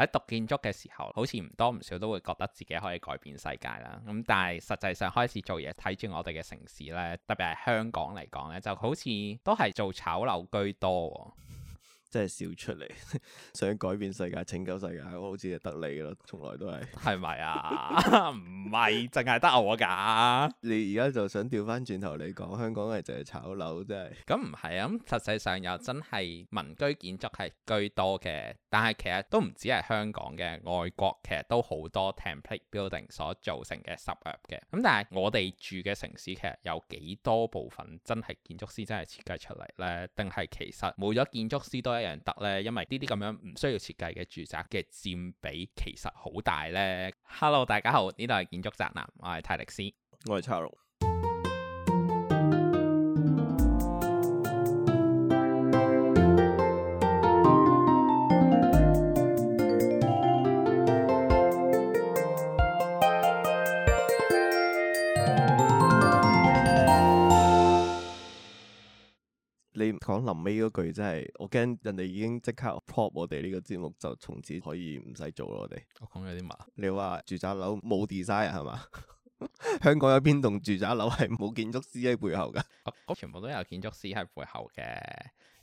喺讀建築嘅時候，好似唔多唔少都會覺得自己可以改變世界啦。咁，嗯，但係實際上開始做嘢，睇住我哋嘅城市呢，特別係香港嚟講呢，就好似都係做炒樓居多喎。真係笑出嚟，想改變世界、拯救世界，好似就得你咯，從來都係。係咪啊？唔係， 淨係得我㗎。你而家就想調翻轉頭，你講香港係就係炒樓，真係。咁唔係啊，咁、嗯、實際上又真係民居建築係居多嘅，但係其實都唔止係香港嘅，外國其實都好多 template building 所造成嘅 Suburb 嘅。咁但係我哋住嘅城市其實有幾多部分真係建築師真係設計出嚟咧？定係其實冇咗建築師都？一樣得咧，因為呢啲咁樣唔需要設計嘅住宅嘅佔比其實好大咧。Hello，大家好，呢度係建築宅男，我係泰力斯，我係 Charles。講臨尾嗰句真係，我驚人哋已經即刻 pop 我哋呢個節目，就從此可以唔使做咯。我哋我講咗啲乜？你話住宅樓冇 design 係嘛？ 香港有邊棟住宅樓係冇建築師喺背後噶？我全部都有建築師喺背後嘅，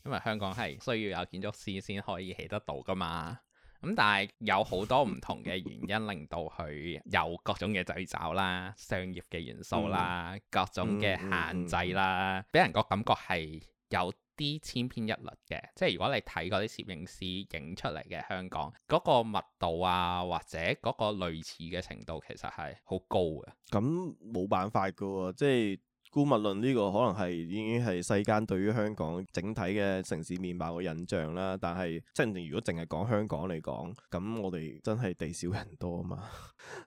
因為香港係需要有建築師先可以起得到噶嘛。咁但係有好多唔同嘅原因 令到佢有各種嘅掣肘啦、商業嘅元素啦、嗯、各種嘅限制啦，俾、嗯嗯嗯、人個感覺係有。啲千篇一律嘅，即係如果你睇嗰啲攝影師影出嚟嘅香港，嗰個密度啊，或者嗰個類似嘅程度，其實係好高嘅。咁冇辦法嘅喎，即係。姑勿論呢個可能係已經係世間對於香港整體嘅城市面貌嘅印象啦，但係即係如果淨係講香港嚟講，咁我哋真係地少人多啊嘛，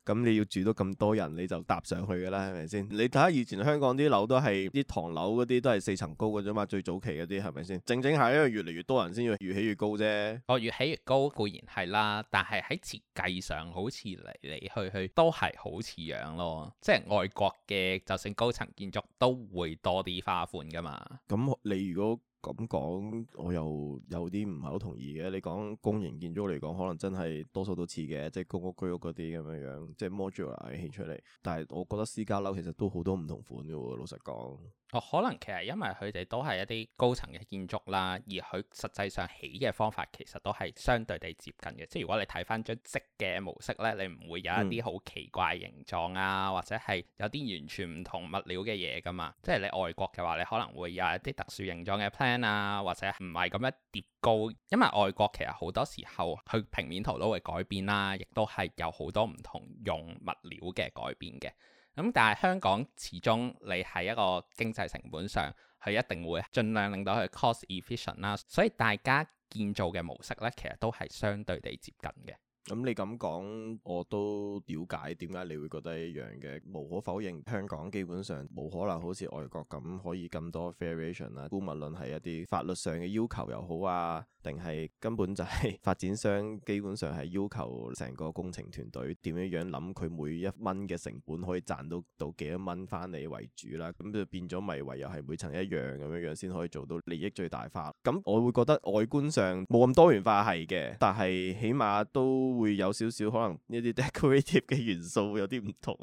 咁 你要住到咁多人，你就搭上去㗎啦，係咪先？你睇下以前香港啲樓都係啲唐樓嗰啲都係四層高嘅啫嘛，最早期嗰啲係咪先？正正係因為越嚟越多人先要越起越高啫。哦，越起越高固然係啦，但係喺設計上好似嚟嚟去去都係好似樣咯，即係外國嘅就算高層建築。都會多啲花款㗎嘛？咁你如果咁講，我又有啲唔係好同意嘅。你講公營建築嚟講，可能真係多數都似嘅，即係公屋居屋嗰啲咁樣樣，即係 module 起出嚟。但係我覺得私家樓其實都好多唔同款嘅喎，老實講。我可能其實因為佢哋都係一啲高層嘅建築啦，而佢實際上起嘅方法其實都係相對地接近嘅。即係如果你睇翻張則嘅模式呢，你唔會有一啲好奇怪形狀啊，或者係有啲完全唔同物料嘅嘢㗎嘛。即係你外國嘅話，你可能會有一啲特殊形狀嘅 plan 啊，或者唔係咁樣疊高。因為外國其實好多時候佢平面圖都會改變啦，亦都係有好多唔同用物料嘅改變嘅。咁但係香港始終你係一個經濟成本上，佢一定會盡量令到佢 cost efficient 啦，所以大家建造嘅模式咧，其實都係相對地接近嘅。咁你咁講，我都了解點解你會覺得一樣嘅。無可否認，香港基本上冇可能好似外國咁可以咁多 variation 啦。姑勿論係一啲法律上嘅要求又好啊，定係根本就係發展商基本上係要求成個工程團隊點樣樣諗佢每一蚊嘅成本可以賺到到幾多蚊返嚟為主啦。咁就變咗咪唯有係每層一樣咁樣樣先可以做到利益最大化。咁我會覺得外觀上冇咁多元化係嘅，但係起碼都會有少少可能呢啲 decorative 嘅元素會有啲唔同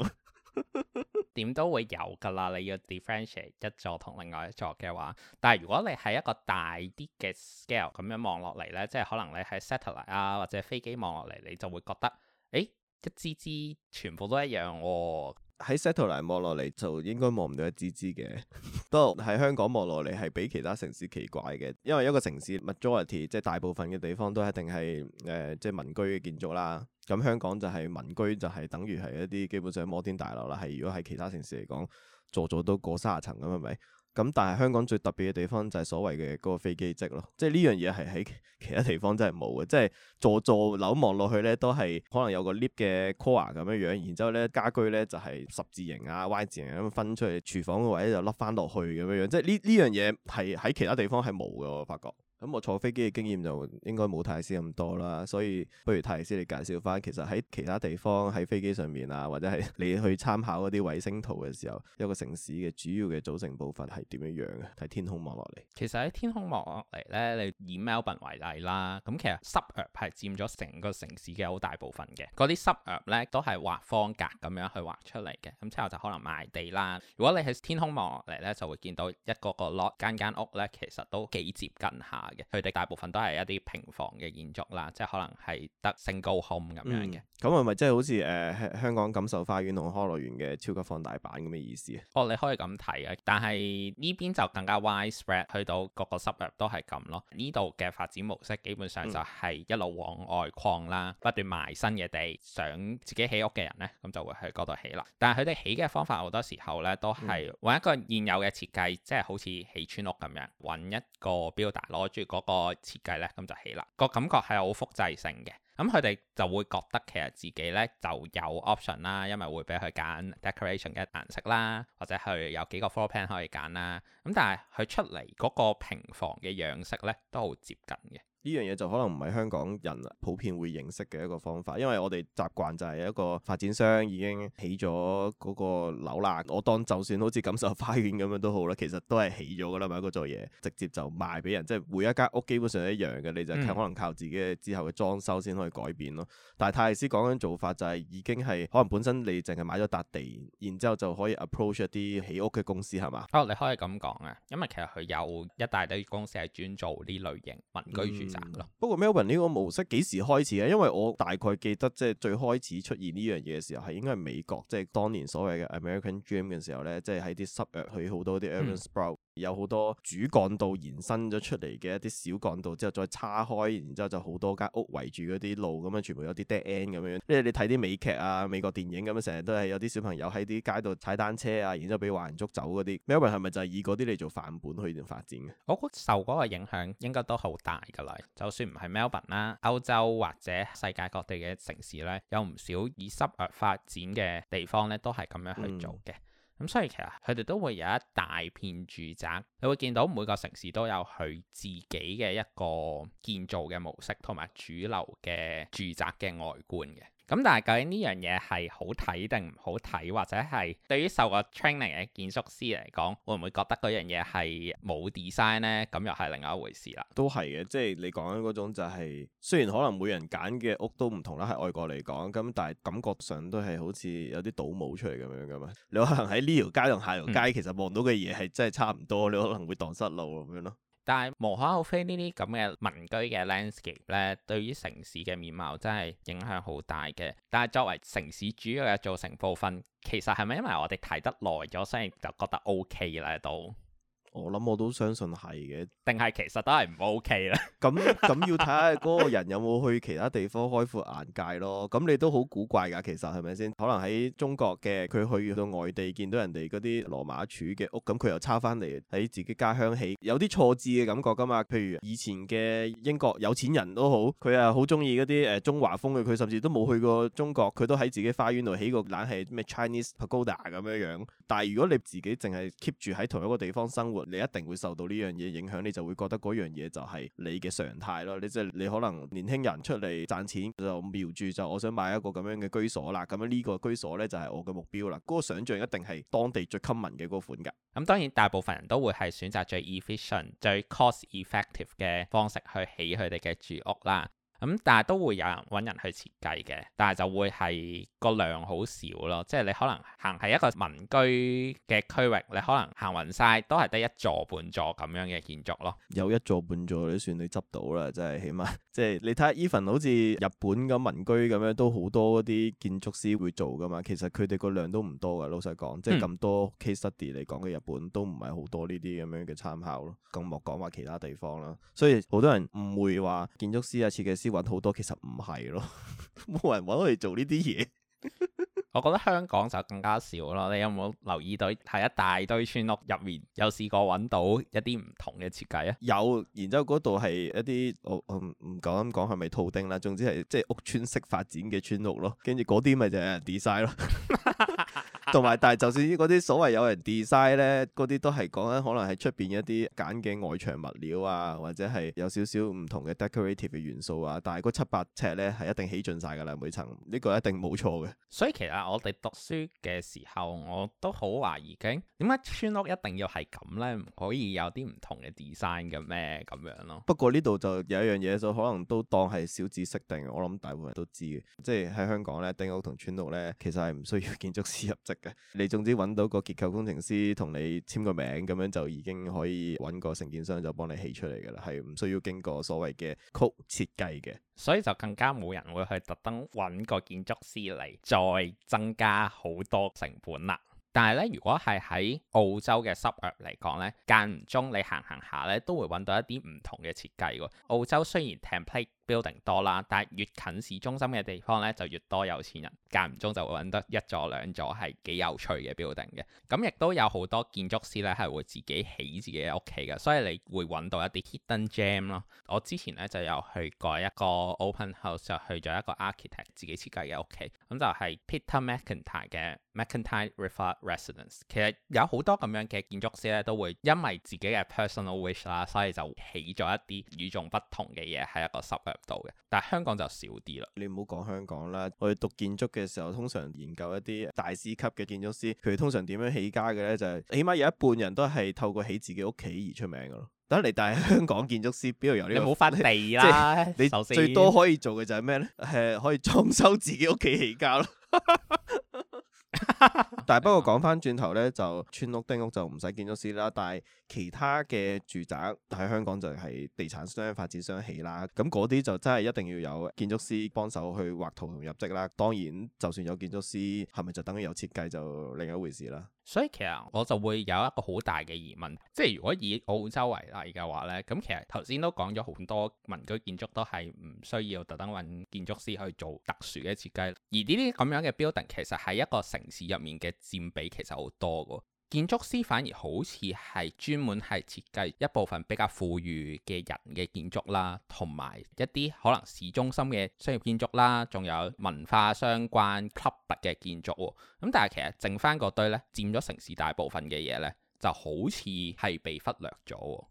，點都會有㗎啦。你要 differentiate 一座同另外一座嘅話，但係如果你係一個大啲嘅 scale 咁樣望落嚟咧，即係可能你喺 satellite 啊或者飛機望落嚟，你就會覺得，誒一支支全部都一樣喎、哦。喺 satellite 望落嚟就應該望唔到一支支嘅，不過喺香港望落嚟係比其他城市奇怪嘅，因為一個城市 majority 即係大部分嘅地方都一定係誒即係民居嘅建築啦，咁香港就係民居就係、是、等於係一啲基本上摩天大樓啦，係如果喺其他城市嚟講，座座都過三十層咁係咪？咁、嗯、但係香港最特別嘅地方就係所謂嘅嗰個飛機則咯，即係呢樣嘢係喺其他地方真係冇嘅，即係座座樓望落去咧都係可能有個 lift 嘅 core 咁樣樣，然之後咧家居咧就係、是、十字形啊 Y 字形咁分出去，廚房嘅位就甩翻落去咁樣樣，即係呢呢樣嘢係喺其他地方係冇嘅，我發覺。咁、嗯、我坐飛機嘅經驗就應該冇太師咁多啦，所以不如太師你介紹翻，其實喺其他地方喺飛機上面啊，或者係你去參考嗰啲衛星圖嘅時候，一個城市嘅主要嘅組成部分係點樣樣嘅？睇天空望落嚟。其實喺天空望落嚟咧，你以 Melbourne 為例啦，咁其實 suburb 係佔咗成個城市嘅好大部分嘅。嗰啲 suburb 咧都係畫方格咁樣去畫出嚟嘅，咁之後就可能賣地啦。如果你喺天空望落嚟咧，就會見到一個個 lot 間間屋咧，其實都幾接近下。佢哋大部分都係一啲平房嘅建築啦，即係可能係得 single home 咁、嗯、樣嘅。咁係咪即係好似誒、呃、香港錦繡花園同康樂園嘅超級放大版咁嘅意思啊？哦，你可以咁睇啊，但係呢邊就更加 wide spread，去到個個收入都係咁咯。呢度嘅發展模式基本上就係一路往外擴啦，嗯、不斷賣新嘅地，想自己起屋嘅人咧，咁就會去嗰度起樓。但係佢哋起嘅方法好多時候咧，都係揾、嗯、一個現有嘅設計，即係好似起村屋咁樣，揾一個 builder 攞。住嗰個設計咧，咁就起啦。個感覺係好複製性嘅，咁佢哋就會覺得其實自己咧就有 option 啦，因為會俾佢揀 decoration 嘅顏色啦，或者去有幾個 floor plan 可以揀啦。咁但係佢出嚟嗰個平房嘅樣式咧，都好接近嘅。呢樣嘢就可能唔係香港人普遍會認識嘅一個方法，因為我哋習慣就係一個發展商已經起咗嗰個樓啦。我當就算好似錦繡花園咁樣都好啦，其實都係起咗噶啦，一個做嘢直接就賣俾人，即係每一間屋基本上一樣嘅，你就可能靠自己嘅之後嘅裝修先可以改變咯。嗯、但係泰斯講緊做法就係已經係可能本身你淨係買咗笪地，然之後就可以 approach 一啲起屋嘅公司係嘛？哦，你可以咁講啊，因為其實佢有一大堆公司係專做呢類型民居住、嗯。嗯、 不過 Melbourne 呢個模式幾時開始嘅？因為我大概記得即係最開始出現呢樣嘢嘅時候，係應該係美國，即、就、係、是、當年所謂嘅 American Dream 嘅時候咧，即係喺啲 suburb 去好多啲 urban sprawl 有好多主幹道延伸咗出嚟嘅一啲小幹道，之後再叉開，然之後就好多間屋圍住嗰啲路，咁樣全部有啲 dead end 咁樣。即係你睇啲美劇啊、美國電影咁、啊、樣，成日都係有啲小朋友喺啲街度踩單車啊，然之後俾壞人捉走嗰啲。Melbourne 係咪就係以嗰啲嚟做範本去發展嘅？我覺得受嗰個影響應該都好大㗎喇。就算唔係 Melbourne 啦，歐洲或者世界各地嘅城市咧，有唔少以濕發展嘅地方咧，都係咁樣去做嘅。嗯咁所以其實佢哋都會有一大片住宅，你會見到每個城市都有佢自己嘅一個建造嘅模式，同埋主流嘅住宅嘅外觀嘅。咁但係究竟呢樣嘢係好睇定唔好睇，或者係對於受過 training 嘅建築師嚟講，會唔會覺得嗰樣嘢係冇 design 咧？咁又係另外一回事啦。都係嘅，即係你講緊嗰種就係、是，雖然可能每人揀嘅屋都唔同啦，喺外國嚟講，咁但係感覺上都係好似有啲倒模出嚟咁樣噶嘛。你可能喺呢條街同下條街、嗯、其實望到嘅嘢係真係差唔多，你可能會蕩失路咁樣咯。但係無可厚非呢啲咁嘅民居嘅 landscape 咧，對於城市嘅面貌真係影響好大嘅。但係作為城市主要嘅組成部分，其實係咪因為我哋睇得耐咗，所以就覺得 O K 啦都？我諗我都相信係嘅，定係其實都係唔 OK 咧。咁 咁要睇下嗰個人有冇去其他地方開闊眼界咯。咁你都好古怪噶，其實係咪先？可能喺中國嘅，佢去到外地見到人哋嗰啲羅馬柱嘅屋，咁佢又抄翻嚟喺自己家鄉起，有啲錯字嘅感覺噶嘛。譬如以前嘅英國有錢人都好，佢啊好中意嗰啲誒中華風嘅，佢甚至都冇去過中國，佢都喺自己花園度起個冷氣咩 Chinese Pagoda 咁樣樣。但係如果你自己淨係 keep 住喺同一個地方生活，你一定會受到呢樣嘢影響，你就會覺得嗰樣嘢就係你嘅常態咯。你即係你可能年輕人出嚟賺錢就瞄住就，我想買一個咁樣嘅居所啦。咁樣呢個居所咧就係我嘅目標啦。嗰個想像一定係當地最 common 嘅嗰款㗎。咁當然大部分人都會係選擇最 efficient、最 cost effective 嘅方式去起佢哋嘅住屋啦。咁、嗯、但係都會有人揾人去設計嘅，但係就會係個量好少咯。即係你可能行係一個民居嘅區域，你可能行匀晒都係得一座半座咁樣嘅建築咯。有一座半座你算你執到啦，真係起碼，即係你睇下 even 好似日本咁民居咁樣都好多啲建築師會做噶嘛。其實佢哋個量都唔多嘅，老實講，即係咁多 case study 嚟講嘅日本都唔係好多呢啲咁樣嘅參考咯。咁莫講話其他地方啦。所以好多人唔會話建築師啊設計師。要揾好多，其實唔係咯，冇人揾我哋做呢啲嘢。 我覺得香港就更加少咯。你有冇留意到，係一大堆村屋入面，有試過揾到一啲唔同嘅設計啊？有，然之後嗰度係一啲，我我唔講咁講係咪套丁啦。總之係即係屋村式發展嘅村屋咯。跟住嗰啲咪就係人 design 咯。 同埋，但係就算啲嗰啲所謂有人 design 咧，嗰啲都係講緊可能喺出邊一啲揀嘅外牆物料啊，或者係有少少唔同嘅 decorative 嘅元素啊。但係嗰七八尺咧係一定起盡晒㗎啦，每層呢個一定冇錯嘅。所以其實我哋讀書嘅時候，我都好懷疑緊，點解村屋一定要係咁咧？唔可以有啲唔同嘅 design 嘅咩咁樣咯？不過呢度就有一樣嘢就可能都當係小知識定，我諗大部分人都知嘅，即係喺香港咧，丁屋同村屋咧其實係唔需要建築師入職。你總之揾到個結構工程師同你簽個名，咁樣就已經可以揾個承建商就幫你起出嚟㗎啦，係唔需要經過所謂嘅曲設計嘅，所以就更加冇人會去特登揾個建築師嚟再增加好多成本啦。但係咧，如果係喺澳洲嘅 Suburb 嚟講呢，間唔中你行行下呢，都會揾到一啲唔同嘅設計喎。澳洲雖然 Template building 多啦，但係越近市中心嘅地方咧，就越多有錢人，間唔中就會揾得一座兩座係幾有趣嘅 building 嘅。咁亦都有好多建築師咧係會自己起自己嘅屋企嘅，所以你會揾到一啲 hidden gem 咯。我之前咧就有去過一個 open house，就去咗一個 architect 自己設計嘅屋企，咁就係 Peter McIntyre 嘅 McIntyre River Residence。其實有好多咁樣嘅建築師咧都會因為自己嘅 personal wish 啦，所以就起咗一啲與眾不同嘅嘢，係一個。度嘅，但係香港就少啲啦。你唔好講香港啦。我哋讀建築嘅時候，通常研究一啲大師級嘅建築師，佢哋通常點樣起家嘅咧？就係、是、起碼有一半人都係透過起自己屋企而出名嘅咯。等你，但係香港建築師邊度有、這個、你唔好翻地啦，你、就是、你最多可以做嘅就係咩咧？係，可以裝修自己屋企起家咯。 但係不過講翻轉頭咧，就村屋、丁屋就唔使建築師啦，但係其他嘅住宅喺香港就係地產商、發展商起啦，咁嗰啲就真係一定要有建築師幫手去畫圖同入職啦。當然，就算有建築師，係咪就等於有設計就另一回事啦？所以其實我就會有一個好大嘅疑問，即係如果以澳洲為例嘅話咧，咁其實頭先都講咗好多民居建築都係唔需要特登揾建築師去做特殊嘅設計，而呢啲咁樣嘅 building 其實係一個城市。市入面嘅佔比其實好多嘅，建築師反而好似係專門係設計一部分比較富裕嘅人嘅建築啦，同埋一啲可能市中心嘅商業建築啦，仲有文化相關 club 嘅建築喎、喔。咁但係其實剩翻嗰堆呢，佔咗城市大部分嘅嘢呢。就好似係被忽略咗，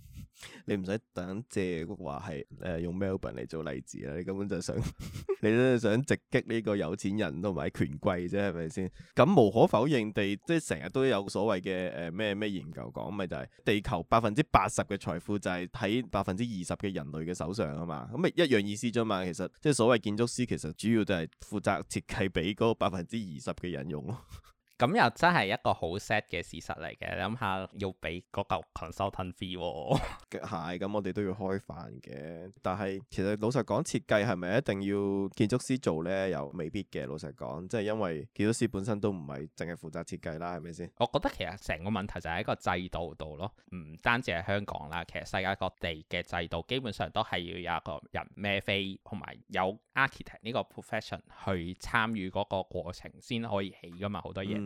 你唔使等借話係誒、呃、用 Melbourne 嚟做例子啦，你根本就想 你咧想直擊呢個有錢人同埋權貴啫，係咪先？咁無可否認地，即係成日都有所謂嘅誒咩咩研究講，咪就係、是、地球百分之八十嘅財富就係喺百分之二十嘅人類嘅手上啊嘛，咁咪一樣意思啫嘛。其實即係所謂建築師，其實主要就係負責設計俾嗰百分之二十嘅人用咯。 咁又真係一個好 sad 嘅事實嚟嘅，諗下要俾嗰嚿 consultant fee 喎、哦，係，咁、嗯、我哋都要開飯嘅。但係其實老實講，設計係咪一定要建築師做咧？又未必嘅。老實講，即係因為建築師本身都唔係淨係負責設計啦，係咪先？我覺得其實成個問題就喺個制度度咯，唔單止係香港啦，其實世界各地嘅制度基本上都係要有一個人孭飛，同埋有 architect 呢個 profession 去參與嗰個過程先可以起噶嘛，好多嘢。嗯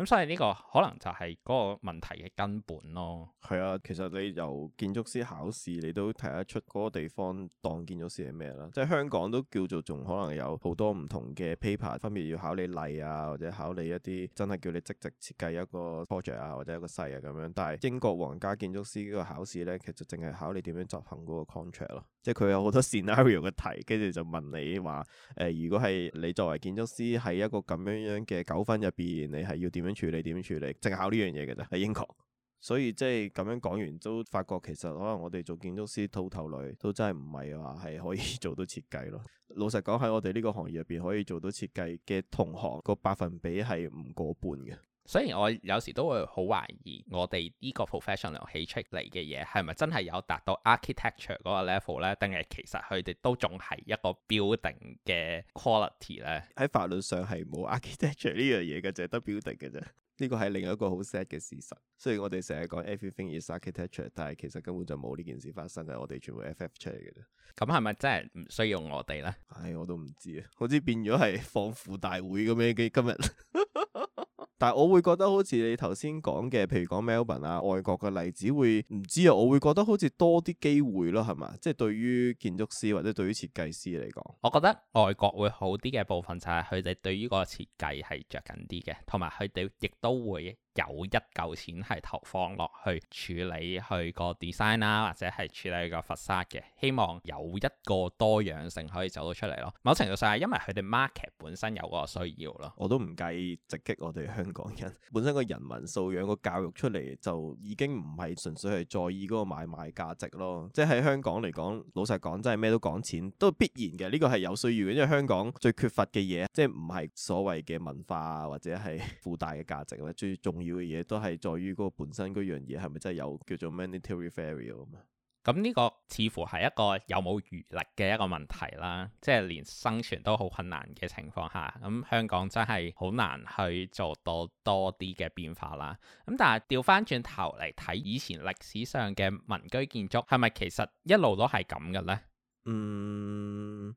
咁所以呢個可能就係個問題嘅根本咯。係啊，其實你由建築師考試你都睇得出個地方當建築師係咩啦。即係香港都叫做仲可能有好多唔同嘅 paper，分別要考你例啊，或者考你一啲真係叫你即席設計一個 project 啊，或者一個細啊咁樣，但係英國皇家建築師呢個考試咧，其實淨係考你點樣執行個 contract 咯、啊。即係佢有好多 scenario 嘅題，跟住就問你話誒、呃、如果係你作為建築師喺一個咁樣樣嘅糾紛入邊，你係要點樣，處理點處理，淨係考呢樣嘢嘅啫，喺英國。 所以即係咁樣講完，都發覺其實可能我哋做建築師套頭女，都真係唔係話係可以做到設計咯。老實講，喺我哋呢個行業入邊，可以做到設計嘅同行個百分比係唔過半嘅。所以，雖然我有時都會好懷疑，我哋呢個 professional 起出嚟嘅嘢，係咪真係有達到 architecture 嗰個 level 咧？定係其實佢哋都仲係一個 building 嘅 quality 咧？喺法律上係冇 architecture 呢樣嘢嘅，就係得 building 嘅啫。呢個係另一個好 sad 嘅事實。雖然我哋成日講 everything is architecture，但係其實根本就冇呢件事發生嘅。我哋全部 ff 出嚟嘅啫。咁係咪真係唔需要我哋咧？唉，我都唔知啊。好似變咗係放負大會咁樣嘅今日。 但係我會覺得好似你頭先講嘅，譬如講 Melbourne 啊，外國嘅例子會唔知啊，我會覺得好似多啲機會咯，係嘛？即係對於建築師或者對於設計師嚟講，我覺得外國會好啲嘅部分就係佢哋對於個設計係着緊啲嘅，同埋佢哋亦都會，有一嚿錢係投放落去處理佢個 design 啦，或者係處理佢個佛山嘅，希望有一個多樣性可以走到出嚟咯。某程度上係因為佢哋 market 本身有個需要咯。我都唔介意直擊我哋香港人本身個人文素養個教育出嚟，就已經唔係純粹係在意嗰個買賣價值咯。即係喺香港嚟講，老實講真係咩都講錢，都必然嘅。呢個係有需要嘅，因為香港最缺乏嘅嘢，即係唔係所謂嘅文化或者係附帶嘅價值咧，最重。重要嘅嘢都係在於嗰個本身嗰樣嘢係咪真係有叫做 mandatory value 啊嘛。咁呢個似乎係一個有冇餘力嘅一個問題啦。即係連生存都好困難嘅情況下，咁香港真係好難去做到多啲嘅變化啦。咁但係調翻轉頭嚟睇以前歷史上嘅民居建築，係咪其實一路都係咁嘅咧？嗯，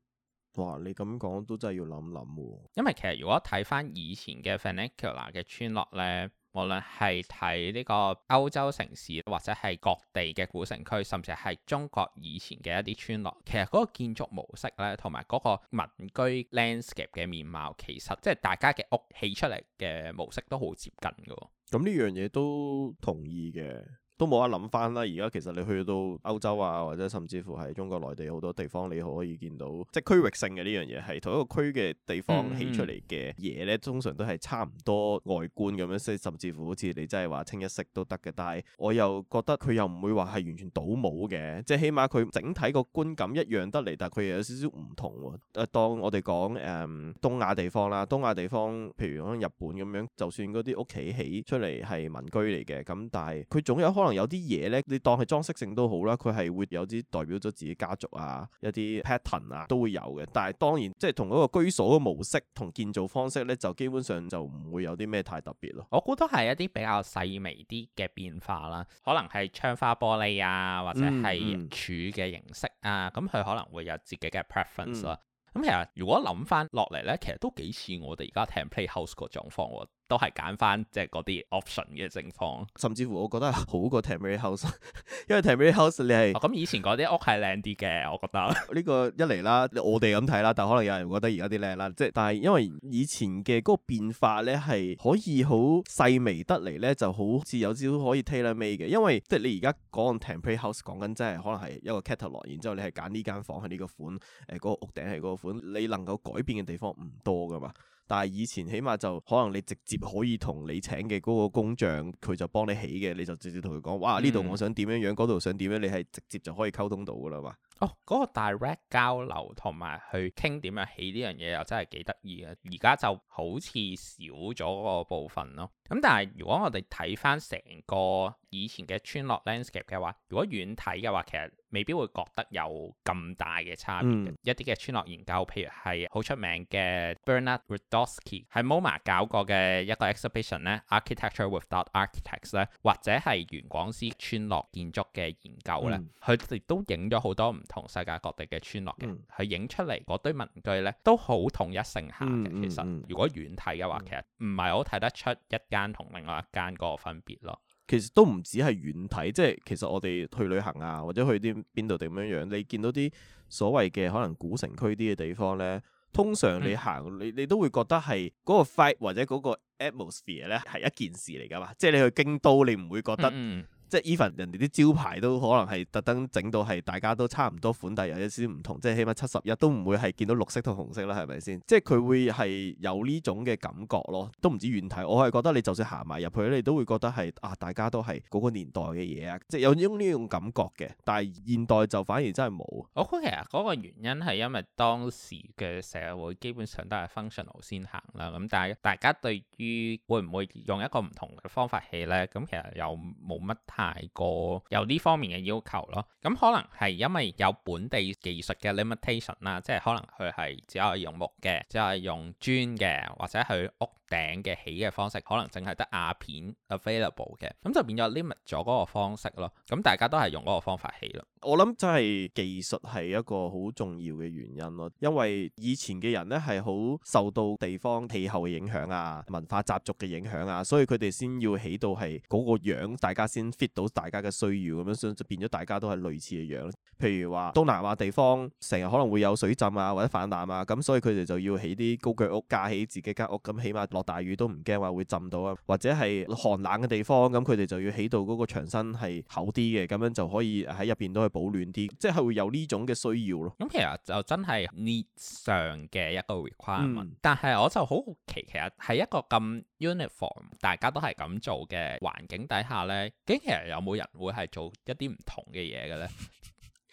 哇！你咁講都真係要諗諗，因為其實如果睇翻以前嘅 vernacular 嘅村落咧。無論係睇呢個歐洲城市，或者係各地嘅古城區，甚至係中國以前嘅一啲村落，其實嗰個建築模式咧，同埋嗰個民居 landscape 嘅面貌，其實即係大家嘅屋起出嚟嘅模式都好接近㗎。咁呢樣嘢都同意嘅。都冇得諗翻啦！而家其實你去到歐洲啊，或者甚至乎係中國內地好多地方，你可以見到，即係區域性嘅呢樣嘢，係同一個區嘅地方起出嚟嘅嘢咧，通常都係差唔多外觀咁樣。甚至乎好似你真係話清一色都得嘅，但係我又覺得佢又唔會話係完全倒模嘅，即係起碼佢整體個觀感一樣得嚟，但係佢又有少少唔同喎，啊。當我哋講誒東亞地方啦，東亞地方譬如講日本咁樣，就算嗰啲屋企起出嚟係民居嚟嘅咁，但係佢總有可能。有啲嘢咧，你當係裝飾性都好啦，佢係會有啲代表咗自己家族啊，一啲 pattern 啊都會有嘅。但係當然即係同嗰個居所嘅模式同建造方式咧，就基本上就唔會有啲咩太特別咯。我估都係一啲比較細微啲嘅變化啦，可能係窗花玻璃啊，或者係柱嘅形式啊，咁佢、嗯嗯、可能會有自己嘅 preference 咯、啊。咁、嗯、其實如果諗翻落嚟咧，其實都幾似我哋而家 template house 個狀況、喎都係揀翻即係嗰啲 option 嘅情況，甚至乎我覺得好過 temporary house， 因為 temporary house 你係咁、哦、以前嗰啲屋係靚啲嘅，我覺得呢 個一嚟啦，我哋咁睇啦，但可能有人覺得而家啲靚啦，即係但係因為以前嘅嗰個變化咧係可以好細微得嚟咧，就好似有少少可以 tailor made 嘅，因為即係你而家講 temporary house 講緊真係可能係一個 catalog，然之後你係揀呢間房係呢個款，誒、呃、嗰、嗰個屋頂係嗰個款，你能夠改變嘅地方唔多噶嘛。但係以前，起碼就可能你直接可以同你請嘅嗰個工匠，佢就幫你起嘅，你就直接同佢講，哇！呢度我想點樣樣，嗰度想點樣，你係直接就可以溝通到噶啦嘛。哦，嗰個、oh, direct 交流同埋去傾點樣起呢樣嘢又真係幾得意嘅，而家就好似少咗個部分咯。咁但係如果我哋睇翻成個以前嘅村落 landscape 嘅話，如果遠睇嘅話，其實未必會覺得有咁大嘅差別。一啲嘅村落研究，譬、hmm. 如係好出名嘅 Bernard Rudofsky，喺 MoMA 搞過嘅一個 exhibition 咧，Architecture Without Architects 咧，或者係原廣司村落建築嘅研究咧，佢哋都影咗好多唔。同。同世界各地嘅村落嘅，佢影、嗯、出嚟嗰堆民居咧，都好統一成下嘅。其實如果遠睇嘅話，嗯、其實唔係好睇得出一間同另外一間嗰個分別咯。其實都唔止係遠睇，即係其實我哋去旅行啊，或者去啲邊度點樣樣，你見到啲所謂嘅可能古城區啲嘅地方咧，通常你行你、嗯、你都會覺得係嗰個氛圍或者嗰個 atmosphere 咧，係一件事嚟噶嘛。即係你去京都，你唔會覺得、嗯。嗯即係 even 人哋啲招牌都可能係特登整到係大家都差唔多款，但係有一啲唔同。即係起碼七十一都唔會係見到綠色同紅色啦，係咪先？即係佢會係有呢種嘅感覺咯，都唔止遠睇。我係覺得你就算行埋入去，你都會覺得係啊，大家都係嗰個年代嘅嘢啊，即係有呢種呢種感覺嘅。但係現代就反而真係冇。我覺、哦、其實嗰個原因係因為當時嘅社會基本上都係 functional 先行啦。咁但係大家對於會唔會用一個唔同嘅方法嚟咧？咁其實又冇乜大個有呢方面嘅要求咯，咁可能係因為有本地技術嘅 limitation 啦，即係可能佢係只可以用木嘅，只係用磚嘅，或者去屋。頂嘅起嘅方式可能淨係得瓦片 available 嘅，咁就變咗 limit 咗嗰個方式咯。咁大家都係用嗰個方法起咯。我諗真係技術係一個好重要嘅原因咯，因為以前嘅人咧係好受到地方氣候嘅影響啊、文化習俗嘅影響啊，所以佢哋先要起到係嗰個樣，大家先 fit 到大家嘅需要咁樣，所以就變咗大家都係類似嘅樣。譬如話東南亞地方成日可能會有水浸啊或者泛濫啊，咁所以佢哋就要起啲高腳屋架起自己間屋，咁起碼落。大雨都唔驚話會浸到啊，或者係寒冷嘅地方，咁佢哋就要起到嗰個牆身係厚啲嘅，咁樣就可以喺入邊都可以保暖啲，即係會有呢種嘅需要咯。咁其實就真係 need 上嘅一個 requirement，嗯、但係我就好好奇，其實喺一個咁 uniform 大家都係咁做嘅環境底下呢，竟然有冇人會係做一啲唔同嘅嘢嘅呢？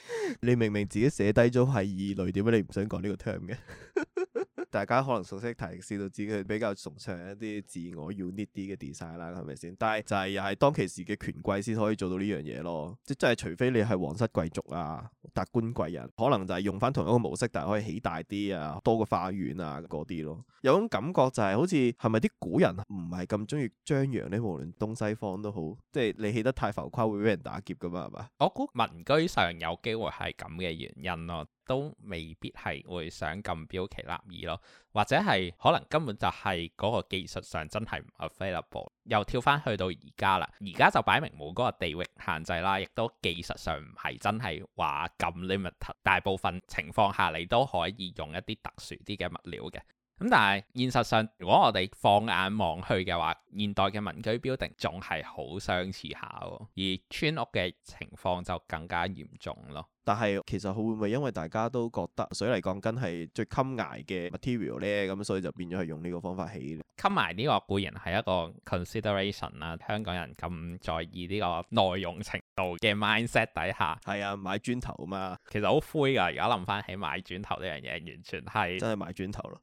你明明自己寫低咗係異類，點解你唔想講呢個 term 嘅？ 大家可能熟悉提示到自己比較崇尚一啲自我 unique 啲嘅 design 啦，係咪先？但係就係又係當其時嘅權貴先可以做到呢樣嘢咯，即係除非你係皇室貴族啊、達官貴人，可能就係用翻同一個模式，但係可以起大啲啊、多個花園啊嗰啲咯。有種感覺就係、是、好似係咪啲古人唔係咁中意張揚咧？無論東西方都好，即係你起得太浮誇會俾人打劫噶嘛，係嘛？我估民居上有機會係咁嘅原因咯。都未必係會想咁標奇立異咯，或者係可能根本就係嗰個技術上真係唔 feasible。又跳翻去到而家啦，而家就擺明冇嗰個地域限制啦，亦都技術上唔係真係話咁 limit。大部分情況下你都可以用一啲特殊啲嘅物料嘅。咁但係現實上，如果我哋放眼望去嘅話，現代嘅民居 building 仲係好相似下喎，而村屋嘅情況就更加嚴重咯。但係其實會唔會因為大家都覺得水泥鋼筋係最襟挨嘅 material 咧，咁所以就變咗係用呢個方法起？襟挨呢個固然係一個 consideration 啦。香港人咁在意呢個耐用程度嘅 mindset 底下，係啊，買磚頭啊嘛，其實好灰㗎。而家諗翻起買磚頭呢樣嘢，完全係真係買磚頭咯。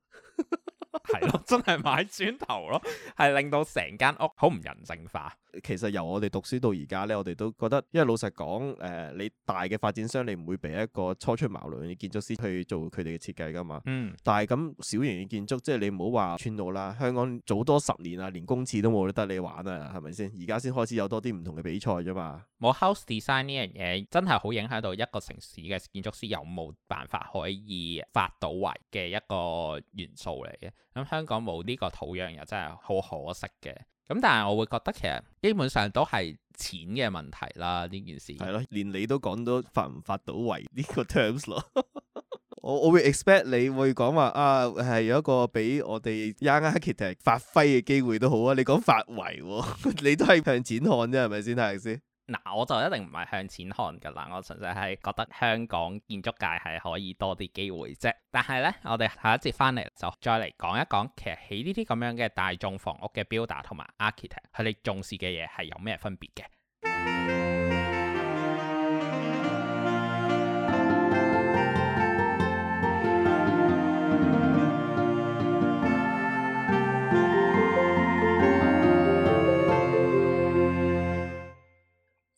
係咯， 真係買磚頭咯，係令到成間屋好唔人性化。 其實由我哋讀書到而家咧，我哋都覺得，因為老實講，誒、呃，你大嘅發展商你唔會俾一個初出茅廬嘅建築師去做佢哋嘅設計噶嘛。嗯。但係咁小型嘅建築，即係你唔好話村屋啦，香港早多十年啊，連公廁都冇得你玩啊，係咪先？而家先開始有多啲唔同嘅比賽啫嘛。冇 house design 呢樣嘢，真係好影響到一個城市嘅建築師有冇辦法可以發到圍嘅一個元素嚟嘅。咁香港冇呢個土壤又真係好可惜嘅，咁但係我會覺得其實基本上都係錢嘅問題啦，呢件事係咯，連你都講到發唔發到圍呢個 terms 咯， 我我會 expect 你會講話啊係有一個俾我哋 young architect 發揮嘅機會都好啊，你講發圍，喔， 你都係向錢看啫，係咪先係先？嗱，我就一定唔係向錢看㗎啦，我純粹係覺得香港建築界係可以多啲機會啫。但係呢，我哋下一節返嚟就再嚟講一講，其實喺呢啲咁樣嘅大眾房屋嘅 builder 同埋 architect，佢哋重視嘅嘢係有咩分別嘅？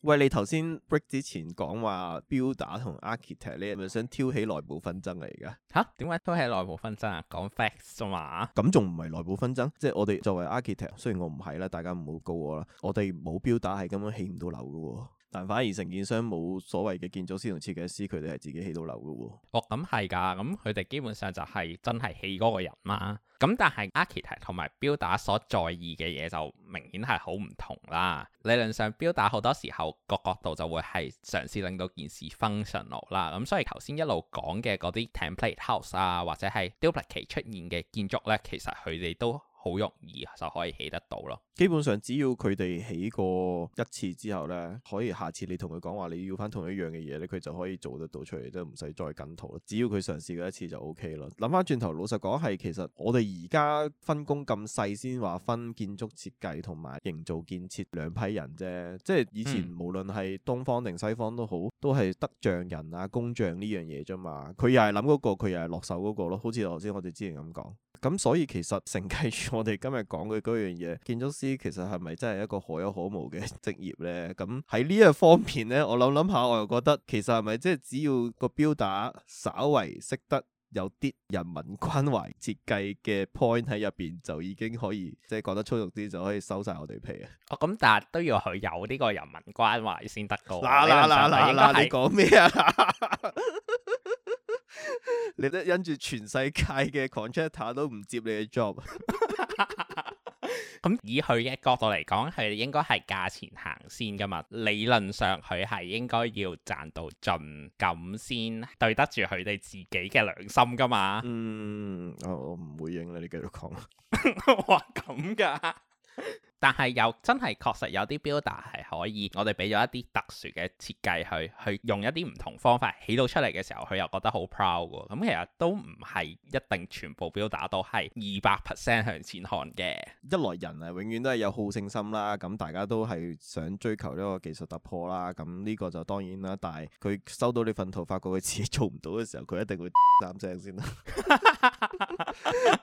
喂，你頭先 break 之前講話 builder、er、同 architect，你係咪想挑起內部紛爭啊？而家吓？點解挑起內部紛爭啊？講 facts 嘛？咁仲唔係內部紛爭？即係我哋作為 architect，雖然我唔係啦，大家唔好告我啦，我哋冇 builder 係根本起唔到樓噶、哦。但反而承建商冇所謂嘅建築師同設計師，佢哋係自己起到樓嘅喎。哦，咁係噶，咁佢哋基本上就係真係起嗰個人嘛。咁、嗯、但係 architect 同埋 builder 所在意嘅嘢，就明顯係好唔同啦。理論上 builder 好多時候個角度就會係嘗試令到件事 functional 啦。咁、嗯、所以頭先一路講嘅嗰啲 template house 啊，或者係 duplicate 出現嘅建築咧，其實佢哋都。好容易就可以起得到咯。基本上只要佢哋起過一次之後咧，可以下次你同佢講話你要翻同一樣嘅嘢咧，佢就可以做得到出嚟，都唔使再跟圖。只要佢嘗試過一次就 O K 啦。諗翻轉頭，老實講係，其實我哋而家分工咁細先話分建築設計同埋營造建設兩批人啫。即係以前、嗯、無論係東方定西方都好，都係得匠人啊、工匠呢樣嘢啫嘛。佢又係諗嗰個，佢又係落手嗰個咯。好似頭先我哋之前咁講，咁所以其實承繼。我哋今日講嘅嗰樣嘢，建築師其實係咪真係一個可有可無嘅職業呢？咁喺呢一方面呢，我諗諗下，我又覺得其實係咪即係只要個標打、er、稍為識得有啲人文關懷設計嘅 point 喺入邊，就已經可以即係講得粗俗啲就可以收晒我哋皮啊！咁但係都要佢有呢個人文關懷先得㗎。嗱嗱嗱嗱，你講咩啊？你都因住全世界嘅 contractor 都唔接你嘅 job。 咁 以佢嘅角度嚟講，佢應該係價錢行先噶嘛？理論上佢係應該要賺到盡咁先對得住佢哋自己嘅良心噶嘛？嗯，哦、我唔回應啦，你繼續講。 哇，咁噶？ 但係又真係確實有啲 builder 係可以，我哋俾咗一啲特殊嘅設計去去用一啲唔同方法起到出嚟嘅時候，佢又覺得好 proud 喎。咁、嗯、其實都唔係一定全部 builder、er、都係二百 percent 向前看嘅。一來人啊，永遠都係有好勝心啦。咁大家都係想追求呢個技術突破啦。咁呢個就當然啦。但係佢收到呢份圖，發覺佢自己做唔到嘅時候，佢一定會暫停先啦。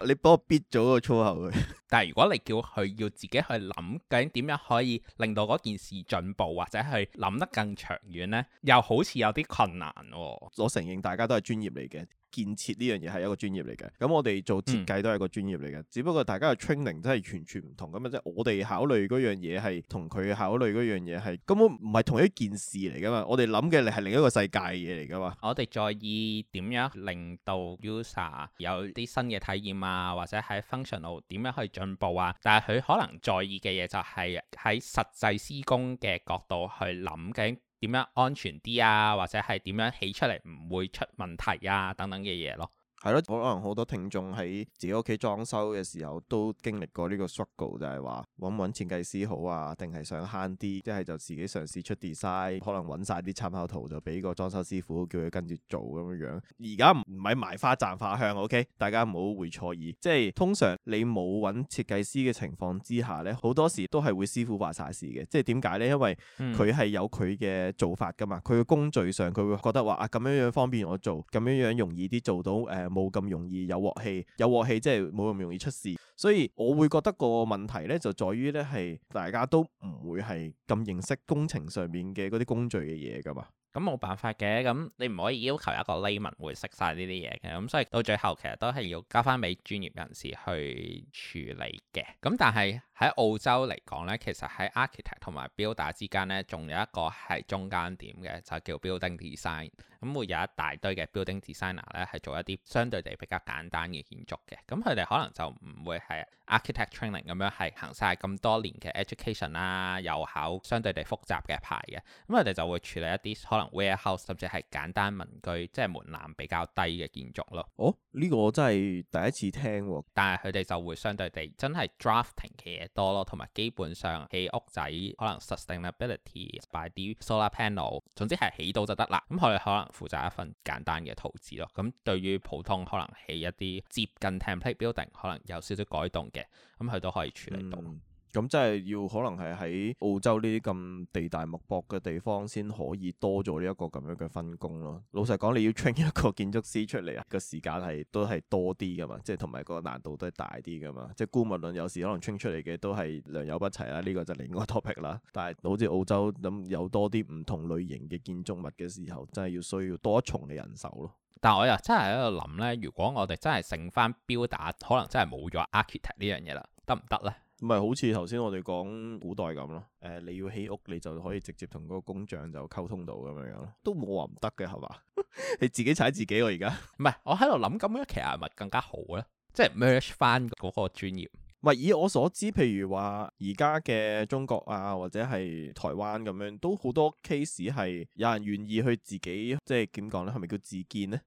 你幫我 bit 咗個粗口佢。 但係如果你叫佢要自己去。諗究竟點樣可以令到嗰件事進步，或者係諗得更長遠呢？又好似有啲困難。我承認大家都係專業嚟嘅。建設呢樣嘢係一個專業嚟嘅，咁我哋做設計都係一個專業嚟嘅，嗯、只不過大家嘅 training 真係完全唔同，咁啊即係我哋考慮嗰樣嘢係同佢考慮嗰樣嘢係根本唔係同一件事嚟噶嘛，我哋諗嘅係另一個世界嘅嘢嚟噶嘛。我哋在意點樣令到 user 有啲新嘅體驗啊，或者喺 functional 點樣去進步啊，但係佢可能在意嘅嘢就係喺實際施工嘅角度去諗嘅。點樣安全啲啊？或者係點樣起出嚟唔會出問題啊？等等嘅嘢咯。係咯，可能好多聽眾喺自己屋企裝修嘅時候都經歷過呢個 struggle，就係話搵唔搵設計師好啊，定係想慳啲，即係就自己嘗試出 design，可能搵晒啲參考圖就俾個裝修師傅叫佢跟住做咁樣樣。而家唔唔係賣花讚花香，OK？大家唔好會錯意，即係通常你冇搵設計師嘅情況之下咧，好多時都係會師傅話晒事嘅。即係點解咧？因為佢係有佢嘅做法噶嘛，佢嘅工序上佢會覺得話啊，咁樣樣方便我做，咁樣樣容易啲做到誒。呃冇咁容易有鑊氣，有鑊氣即係冇咁容易出事，所以我會覺得個問題咧，就在於咧，係大家都唔會係咁認識工程上面嘅嗰啲工序嘅嘢噶嘛。咁冇辦法嘅，咁你唔可以要求一個 layman 會識晒呢啲嘢嘅，咁所以到最後其實都係要交翻俾專業人士去處理嘅。咁但係喺澳洲嚟講咧，其實喺 architect 同埋 builder 之間咧，仲有一個係中間點嘅，就叫 building design。咁會有一大堆嘅 building designer 咧，係做一啲相對地比較簡單嘅建築嘅。咁佢哋可能就唔會係 architect training 咁樣係行晒咁多年嘅 education 啦，又考相對地複雜嘅牌嘅。咁佢哋就會處理一啲可能 warehouse 甚至係簡單民居，即係門檻比較低嘅建築咯。哦，呢個我真係第一次聽喎。但係佢哋就會相對地真係 drafting 嘅嘢多咯，同埋基本上起屋仔可能 sustainability by 啲 solar panel，總之係起到就得啦。咁佢哋可能，負責一份簡單嘅圖紙囉，咁對於普通可能起一啲接近 Template Building，可能有少少改動嘅，咁佢都可以處理到。嗯咁即係要可能係喺澳洲呢啲咁地大物博嘅地方，先可以多咗呢一個咁樣嘅分工咯。老實講，你要 train 一個建築師出嚟，個時間係都係多啲噶嘛，即係同埋個難度都係大啲噶嘛。即係姑勿論，有時可能 train 出嚟嘅都係良莠不齊啦。呢個就另外一個 topic 啦。但係好似澳洲咁有多啲唔同類型嘅建築物嘅時候，真係要需要多一重嘅人手咯。但係我又真係喺度諗咧，如果我哋真係剩翻標打，可能真係冇咗 architect 呢樣嘢啦，得唔得咧？唔係好似頭先我哋講古代咁咯，誒、呃、你要起屋，你就可以直接同嗰個工匠就溝通到咁樣樣咯，都冇話唔得嘅係嘛？ 你自己踩自己我而家，唔係我喺度諗咁樣其實係咪更加好咧，即係 merge 翻嗰個專業。咪以我所知，譬如話而家嘅中國啊，或者係台灣咁樣，都好多 case 係有人願意去自己，即係點講咧？係咪叫自建咧？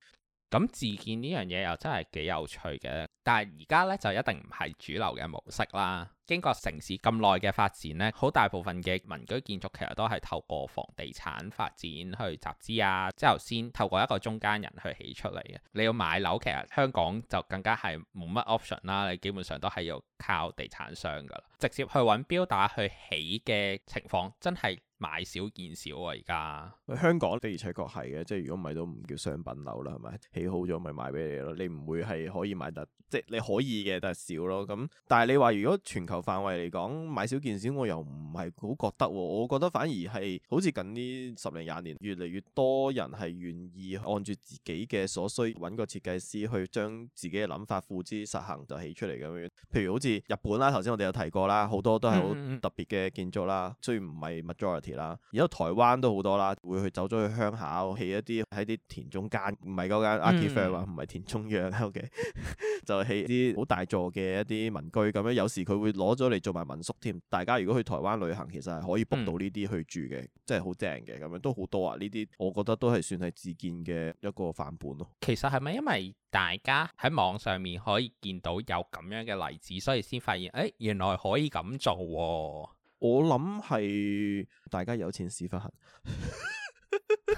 咁自建呢樣嘢又真係幾有趣嘅。但係而家咧就一定唔係主流嘅模式啦。經過城市咁耐嘅發展咧，好大部分嘅民居建築其實都係透過房地產發展去集資啊，之後先透過一個中間人去起出嚟嘅。你要買樓，其實香港就更加係冇乜 option 啦。你基本上都係要靠地產商噶啦，直接去揾標打去起嘅情況真係買少見少啊！而家香港的而且確係嘅，即係如果買到唔叫商品樓啦，係咪起好咗咪賣俾你咯？你唔會係可以買得，即係你可以嘅，但係少咯。咁但係你話如果全球範圍嚟講買少見少，我又唔係好覺得喎。我覺得反而係好似近呢十零廿年越嚟越多人係願意按住自己嘅所需搵個設計師去將自己嘅諗法付之實行就起出嚟咁樣。譬如好似日本啦、啊，頭先我哋有提過啦，好多都係好特別嘅建築啦，雖然唔係 majority。啦，而家台灣都好多啦，會去走咗去鄉下起一啲喺啲田中間，唔係嗰間阿基啡啦唔係田中洋嘅，okay、 就起啲好大座嘅一啲民居咁樣。有時佢會攞咗嚟做埋民宿添。大家如果去台灣旅行，其實係可以 book 到呢啲去住嘅，嗯、真係好正嘅。咁樣都好多啊，呢啲我覺得都係算係自建嘅一個範本咯。其實係咪因為大家喺網上面可以見到有咁樣嘅例子，所以先發現誒原來可以咁做喎、啊？我諗係大家有錢使翻行 ，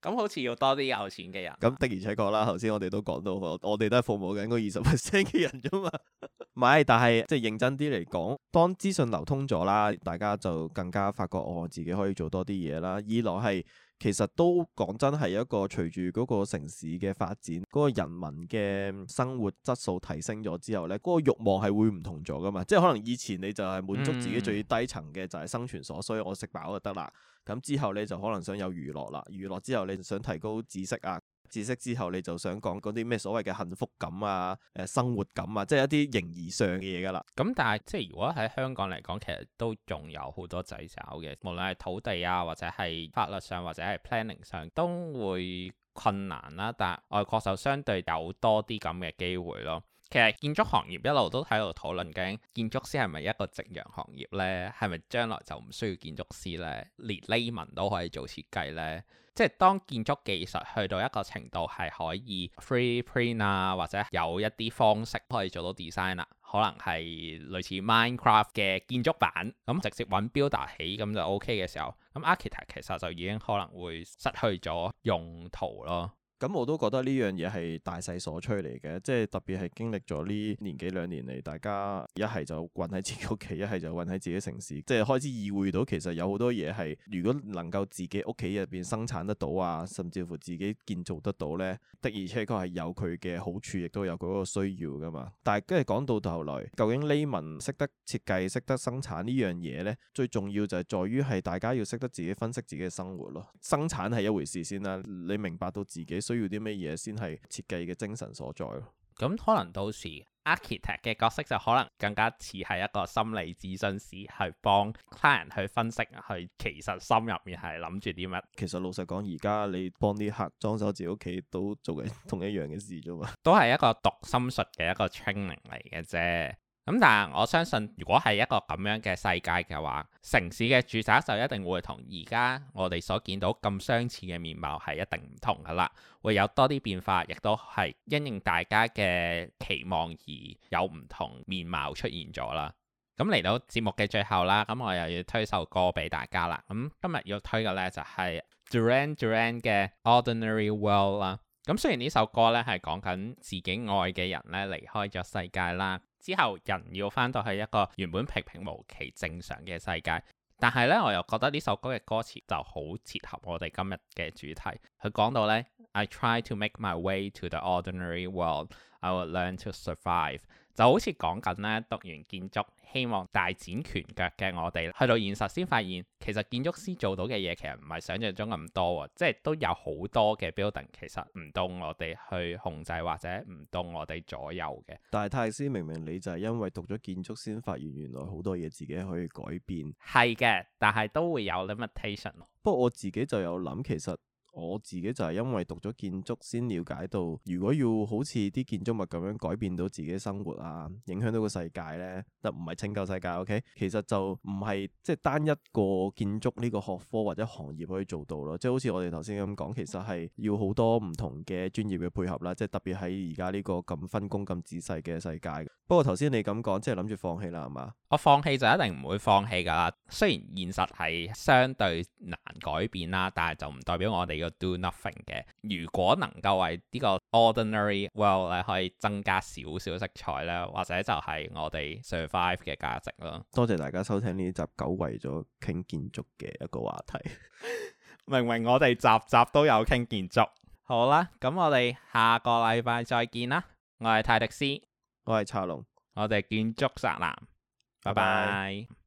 咁 好似要多啲有錢嘅人、啊。咁、嗯、的而且確啦，頭先我哋都講到，我哋都係服務緊嗰二十 percent 嘅人啫嘛。唔係，但係即係認真啲嚟講，當資訊流通咗啦，大家就更加發覺我自己可以做多啲嘢啦。二來係。其實都講真係一個隨住嗰個城市嘅發展，嗰個人民嘅生活質素提升咗之後咧，嗰個慾望係會唔同咗噶嘛？即係可能以前你就係滿足自己最低層嘅就係生存所需，我食飽就得啦。咁之後你就可能想有娛樂啦，娛樂之後你想提高知識啊。知識之後，你就想講嗰啲咩所謂嘅幸福感啊、誒、呃、生活感啊，就是嗯、即係一啲形而上嘅嘢㗎啦。咁但係即係如果喺香港嚟講，其實都仲有好多掣肘嘅，無論係土地啊，或者係法律上，或者係 planning 上，都會困難啦、啊。但係外國就相對有多啲咁嘅機會咯。其實建築行業一路都喺度討論緊，建築師係咪一個夕陽行業呢？係咪將來就唔需要建築師呢？連 layman 都可以做設計呢？即係當建築技術去到一個程度係可以 free print 啊，或者有一啲方式可以做到 design 啦，可能係類似 Minecraft 嘅建築版咁直接揾 builder 起咁就 OK 嘅時候，咁 architect 其實就已經可能會失去咗用途咯。咁我都覺得呢樣嘢係大勢所趨嚟嘅，即係特別係經歷咗呢年幾兩年嚟，大家一係就困喺自己屋企，一係就困喺自己城市，即係開始意會到其實有好多嘢係如果能夠自己屋企入邊生產得到啊，甚至乎自己建造得到呢，的而且確係有佢嘅好處，亦都有佢嗰個需要噶嘛。但係跟住講到頭來，究竟呢文識得設計、識得生產呢樣嘢呢，最重要就係在於係大家要識得自己分析自己嘅生活咯。生產係一回事先啦，你明白到自己需要啲咩嘢先係設計嘅精神所在咯？咁可能到時 Architect 嘅角色就可能更加似係一個心理諮詢師，係幫客人去分析，去其實心入面係諗住啲乜？其實老實講，而家你幫啲客裝修自己屋企，都做緊同一樣嘅事啫嘛，都係一個讀心術嘅一個 training 嚟嘅啫。咁但係我相信，如果係一個咁樣嘅世界嘅話，城市嘅住宅就一定會同而家我哋所見到咁相似嘅面貌係一定唔同噶啦，會有多啲變化，亦都係因應大家嘅期望而有唔同面貌出現咗啦。咁嚟、嗯、到節目嘅最後啦，咁我又要推首歌俾大家啦。咁今日要推嘅呢就係 Duran Duran 嘅 Ordinary World 啦。咁雖然呢首歌呢係講緊自己愛嘅人呢離開咗世界啦。之後，人要翻到去一個原本平平無奇正常嘅世界，但係呢，我又覺得呢首歌嘅歌詞就好切合我哋今日嘅主題。佢講到呢：「I try to make my way to the ordinary world, I will learn to survive」，就好似講緊呢讀完建築，希望大展拳腳嘅我哋，去到現實先發現，其實建築師做到嘅嘢，其實唔係想像中咁多喎，即係都有好多嘅 building 其實唔到我哋去控制或者唔到我哋左右嘅。但係泰斯明明你就係因為讀咗建築先發現，原來好多嘢自己可以改變。係嘅，但係都會有 limitation。不過我自己就有諗，其實。我自己就係因為讀咗建築先了解到，如果要好似啲建築物咁樣改變到自己生活啊，影響到個世界咧，但唔係拯救世界。OK，其實就唔係即係單一個建築呢個學科或者行業可以做到咯，即係好似我哋頭先咁講，其實係要好多唔同嘅專業嘅配合啦，即係特別喺而家呢個咁分工咁仔細嘅世界。不過頭先你咁講即係諗住放棄啦，係嘛？我放棄就一定唔會放棄噶啦。雖然現實係相對難改變啦，但係就唔代表我哋嘅。do nothing 嘅，如果能夠為呢個 ordinary world 咧，可以增加少少色彩咧，或者就係我哋 survive 嘅價值啦。多謝大家收聽呢集久違咗傾建築嘅一個話題。 明明我哋集集都有傾建築。好啦，咁我哋下個禮拜再見啦。我係泰迪斯，我係卓龍，我哋建築宅男，拜拜。Bye bye